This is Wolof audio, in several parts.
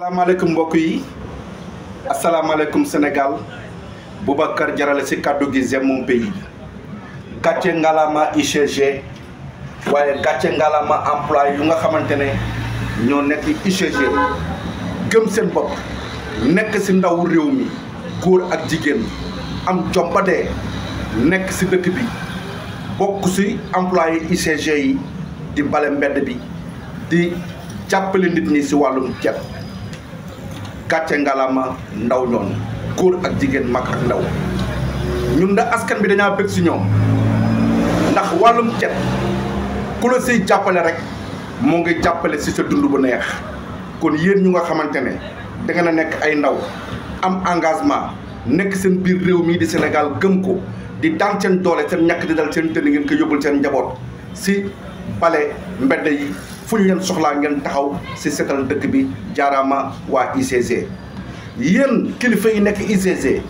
asalaamaaleykum mbokk yi asalaamaaleykum Sénégal Boubacar Jarale ci kàddu gi j'aime mon pays gàcce ngalaama UCG waaye gàcce ngalaama emploi yu nga xamante ne ñoo nekk UCG gëm seen bopp nekk ci ndaw réew mi góor ak jigéen am jom ba nekk ci dëkk bi bokk si employé UCG yi di bale mbedd bi di jàppale nit ñi ci wàllum ceeb gàcce ngalaama ndaw ñoon góor ak jigéen mag ak ndaw ñun da askan bi dañaa bëgg si ñoom ndax wàllum cet ku la siy jàppale rek moo ngi jàppale si sa dund bu neex kon yéen ñu nga xamante ne dangeen a nekk ay ndaw am engagement nekk seen biir réew mii di senegal gëm ko di daan seen doole seen ñàkk di dal seen tënni ngeen ko yóbbul seen njaboot si bale mbedd yi fu ñu leen soxlaa ngeen taxaw si seetal dëkk bi jaaraama waa ICG. yéen kilifa yi nekk ICG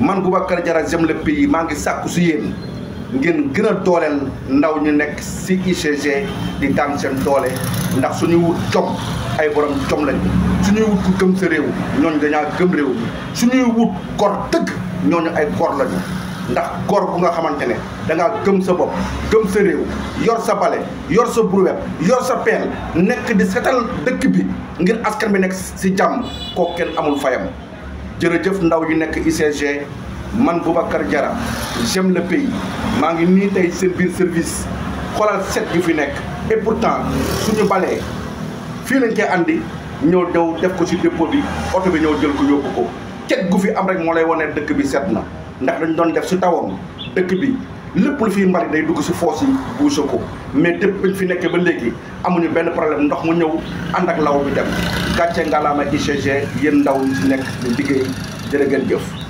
man Boubacar Diarra J'aime le pays maa ngi sàkku si yéen ngeen gën a dooleel ndaw ñu nekk si ICG di daan seen doole ndax suñuy wut jom ay borom jom lañu suñuy wut ku gëm sa réew ñooñu dañaa gëm réew mi suñuy wut gor dëgg ñooñu ay gor lañu. ndax gor bu nga xamante ne da ngaa gëm sa bopp gëm sa réew yor sa bale yor sa brouette yor sa peel nekk di setal dëkk bi ngir askan bi nekk si jàmm kooku amul fayam jërëjëf ndaw yu nekk UCG man Boubacar jara j'aime le pays maa ngi nii tey seen biir service xoolal set yu fi nekk et pourtant suñu balee fii lañ koy àndi ñëw dew def ko si dépôt bi oto bi ñëw jël ko yóbbu ko cet gu fi am rek moo lay wane dëkk bi set na ndax dañu doon def su tawoon dëkk bi lépp lu fi mbalit day dugg si foos yi buuse ko mais dëpp bañ fi nekkee ba léegi amuñu benn problème ndox mu ñëw ànd ak law bi dem gàcce ngalaama UCG yéen ndaw ñi si nekk di jigéen jërë ngeen jëf